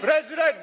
president!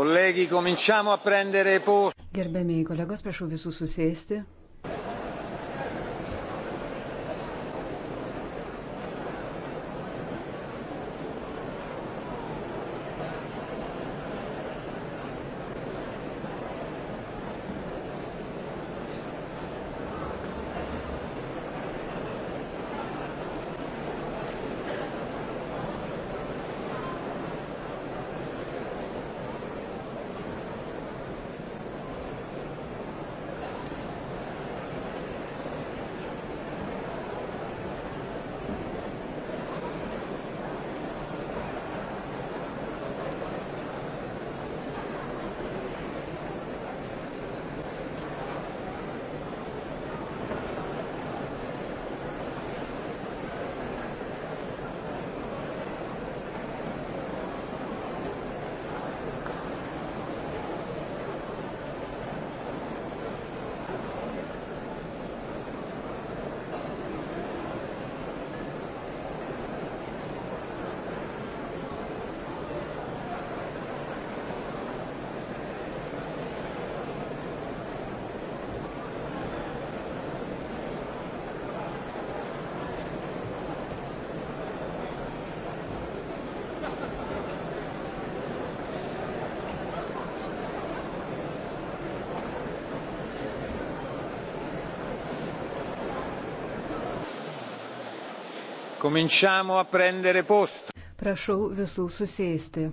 Colleghi, cominciamo a prendere posto. Gerbėmiai kolegos, prašau visus susėsti. Prašau visų susėsti.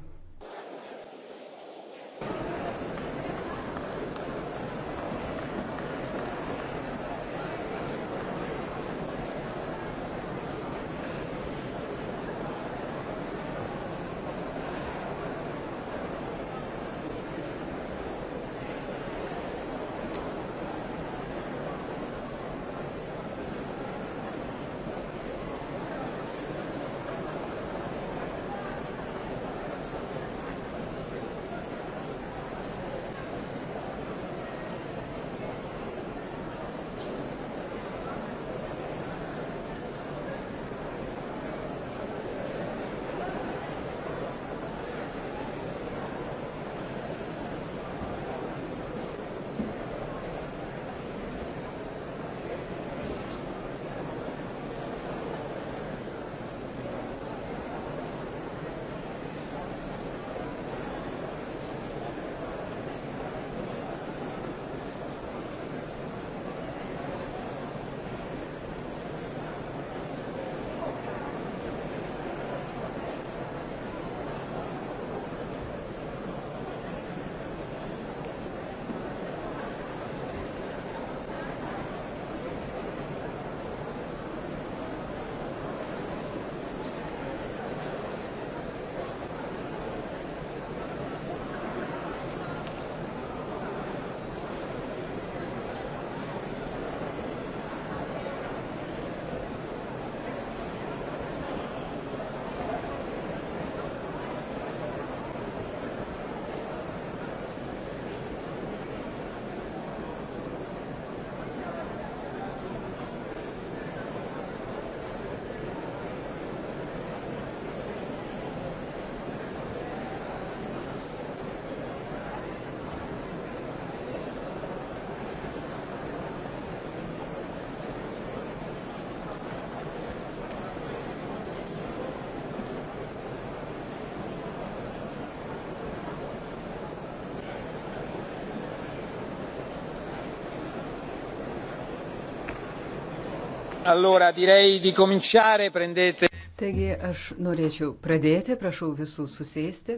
Allora, direi di cominciare, prendete. Taigi aš norėčiau pradėti, prašau visų susėsti.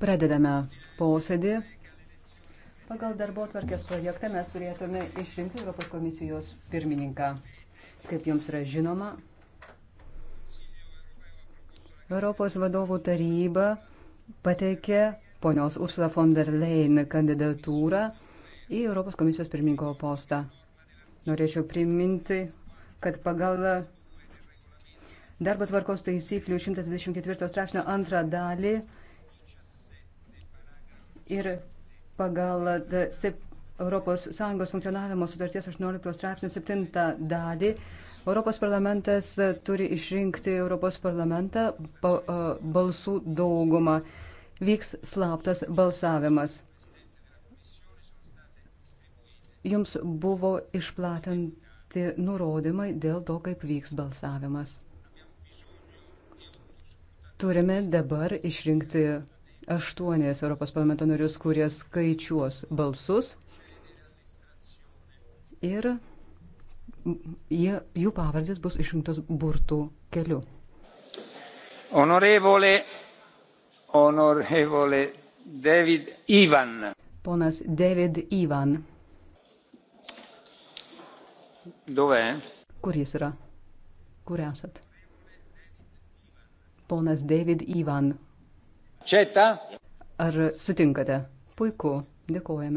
Pradedame posėdį. Pagal darbo tvarkės projektą mes turėtume išrinkti Europos komisijos pirmininką. Kaip jums yra žinoma, Europos vadovų taryba pateikė ponios Ursula von der Leyen kandidatūrą į Europos komisijos pirmininko postą. Norėčiau priminti, kad pagal darbo tvarkos taisyklių 124 straipsnio antrą dalį ir pagal ES funkcionavimo sutarties 18 straipsnio 7 dalį Europos parlamentas turi išrinkti Europos parlamentą balsų daugumą. Vyks slaptas balsavimas jums buvo išplatinti nurodymai dėl to, kaip vyks balsavimas. Turime dabar išrinkti aštuonės Europos parlamento narius, kurie skaičiuos balsus ir jie, jų pavardės bus išrinktos burtų keliu. Honorevole, honorevole David Ivan. Ponas David Ivan. Dov'è? Kur jis yra? Kur esat? Ponas David Ivan. Čia ta? Ar sutinkate? Puiku, dėkojame.